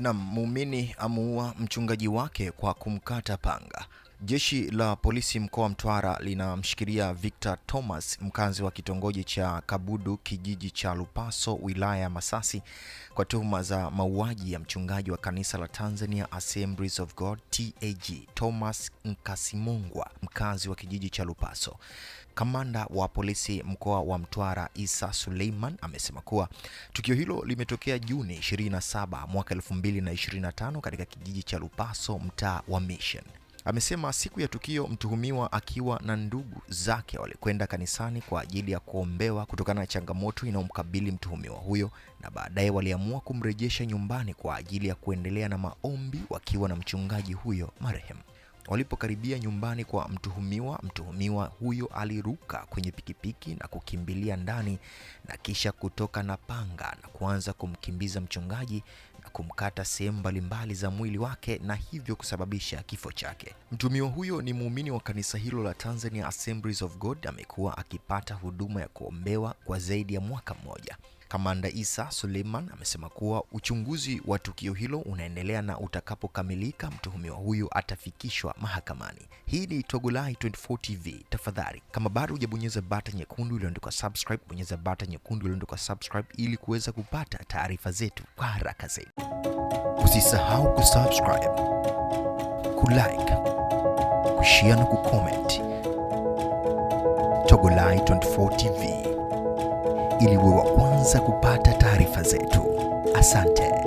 Naam, muumini amuua mchungaji wake kwa kumkata panga. Jeshi la polisi mkoa wa Mtwara linamshikilia Victor Thomas, mkazi wa kitongoji cha Kabudu, kijiji cha Lupaso, wilaya ya Masasi kwa tuhuma za mauaji ya mchungaji wa kanisa la Tanzania Assemblies of God TAG, Thomas Nkasimungwa, mkazi wa kijiji cha Lupaso. Kamanda wa polisi mkoa wa Mtwara Isa Suleiman amesema kuwa tukio hilo limetokea Juni 27 mwaka 2025 katika kijiji cha Lupaso, mtaa wa Mission amesema siku ya tukio mtuhumiwa akiwa na ndugu zake walikwenda kanisani kwa ajili ya kuombewa kutokana na changamoto inayomkabili mtuhumiwa huyo, na baadaye waliamua kumrejesha nyumbani kwa ajili ya kuendelea na maombi wakiwa na mchungaji huyo marehemu. Walipokaribia nyumbani kwa mtuhumiwa, mtuhumiwa huyo aliruka kwenye pikipiki na kukimbilia ndani na kisha kutoka na panga na kuanza kumkimbiza mchungaji na kumkata sehemu mbalimbali za mwili wake na hivyo kusababisha kifo chake. Mtuhumiwa huyo ni muumini wa kanisa hilo la Tanzania Assemblies of God, amekuwa akipata huduma ya kuombewa kwa zaidi ya mwaka mmoja. Kamanda Isa Suleiman amesema kuwa uchunguzi wa tukio hilo unaendelea na utakapokamilika mtuhumiwa huyu atafikishwa mahakamani. Hii ni Togolai 24 TV. Tafadhali, kama bado hujabonyeza bata nyekundu iliyoandikwa subscribe, bonyeza bata nyekundu iliyoandikwa subscribe ili kuweza kupata taarifa zetu kwa haraka zaidi. Usisahau kusubscribe, kulike, kushare na kucomment. Togolai 24 TV ili uwe wa kwanza kupata taarifa zetu. Asante.